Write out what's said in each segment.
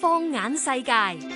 放眼世界。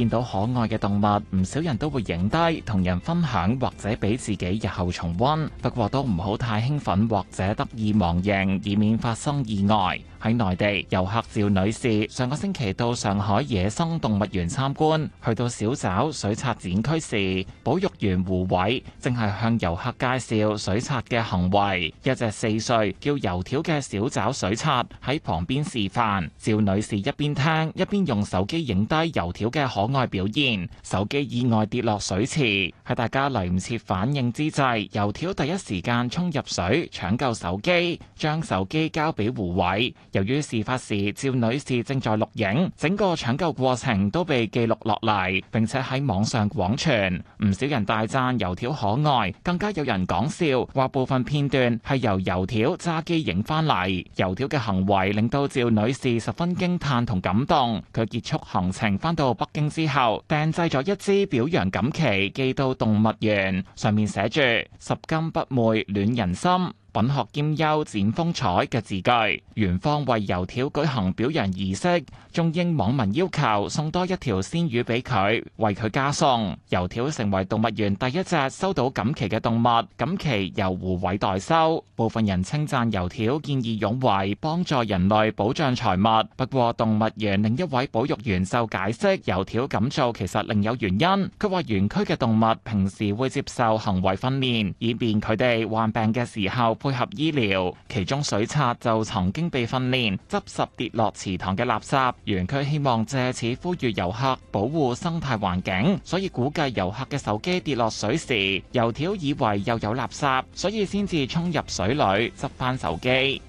見到可愛嘅動物，唔少人都會影低同人分享，或者俾自己日後重溫。不過都唔好太興奮或者得意忘形，以免發生意外。喺內地，遊客趙女士上個星期到上海野生動物園參觀，去到小爪水獺展區時，保育員胡偉正係向遊客介紹水獺嘅行為。一隻四歲叫油條嘅小爪水獺喺旁邊示範，趙女士一邊聽一邊用手機影低油條嘅可外表現，手機意外跌落水池，喺大家嚟唔切反應之際，油條第一時間衝入水搶救手機，將手機交俾胡偉。由於事發時趙女士正在錄影，整個搶救過程都被記錄落嚟，並且喺網上廣傳。唔少人大讚油條可愛，更加有人講笑話，部分片段係由油條揸機影翻嚟。油條嘅行為令到趙女士十分驚嘆同感動。佢結束行程翻到北京。之後訂製咗一支表揚錦旗寄到動物園，上面寫住“拾金不昧，暖人心”。品學兼優展風采嘅字句。園方為油條舉行表揚儀式，仲應網民要求送多一條鮮魚俾佢，為佢加餸。油條成為動物園第一隻收到錦旗嘅動物，錦旗由胡偉代收。部分人稱讚油條見義勇為，幫助人類保障財物。不過動物園另一位保育員就解釋，油條咁做其實另有原因。佢話園區嘅動物平時會接受行為訓練，以便佢哋患病嘅時候。配合醫療，其中水獺就曾經被訓練執拾跌落池塘嘅垃圾。園區希望借此呼籲遊客保護生態環境，所以估計遊客嘅手機跌落水時，油條以為又有垃圾，所以先至衝入水裏執返手機。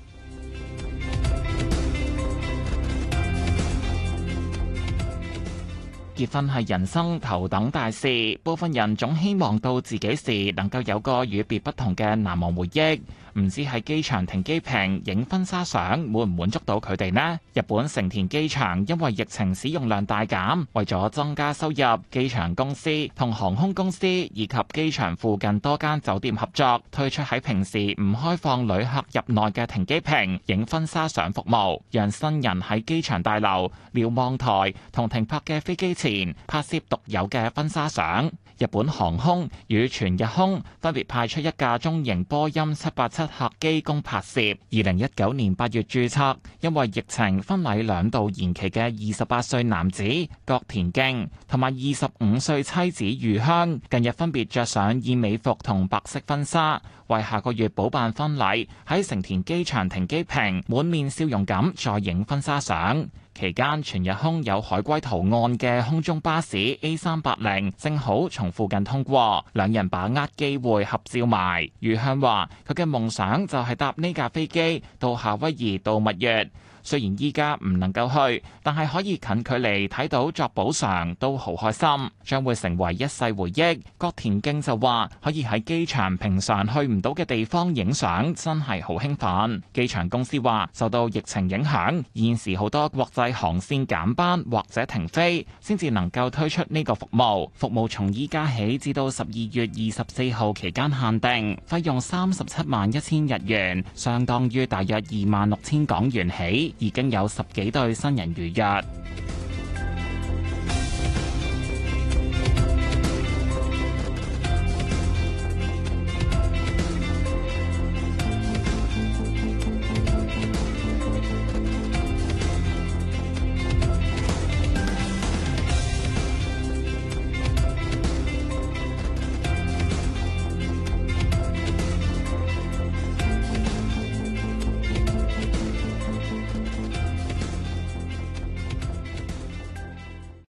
結婚係人生頭等大事，部分人總希望到自己時能夠有個與別不同嘅難忘回憶。唔知喺機場停機坪影婚紗相滿唔滿足到佢哋呢？日本成田機場因為疫情使用量大減，為咗增加收入，機場公司同航空公司以及機場附近多間酒店合作，推出喺平時唔開放旅客入內嘅停機坪影婚紗相服務，讓新人喺機場大樓瞭望台同停泊嘅飛機前。拍攝獨有嘅婚紗相。日本航空與全日空分別派出一架中型波音七八七客機供拍攝。二零一九年八月註冊，因為疫情婚禮兩度延期嘅二十八歲男子角田京同埋二十五歲妻子如香，近日分別着上燕尾服同白色婚紗，為下個月補辦婚禮。喺成田機場停機坪，滿面笑容咁再影婚紗相。期間，全日空有海龜圖案嘅空中巴士 A 三八零正好從附近通過，兩人把握機會合照埋。餘香話：佢嘅夢想就係搭呢架飛機到夏威夷度蜜月。雖然依家唔能夠去，但係可以近距離睇到作補償，都好開心，將會成為一世回憶。郭田敬就話：可以喺機場平常去唔到嘅地方影相，真係好興奮。機場公司話：受到疫情影響，現時好多國際航線減班或者停飛，先至能夠推出呢個服務。服務從依家起至到十二月二十四號期間限定，費用三十七萬一千日元，相當於大約二萬六千港元起。已經有十幾對新人預約。